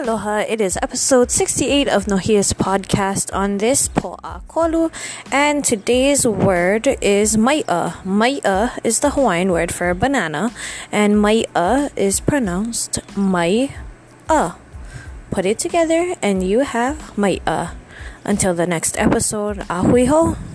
Aloha, it is episode 68 of Nohia's podcast on this po'a kolu, and today's word is mai'a. Mai'a is the Hawaiian word for banana, and mai'a is pronounced mai'a. Put it together and you have mai'a. Until the next episode, ahu'iho. ho!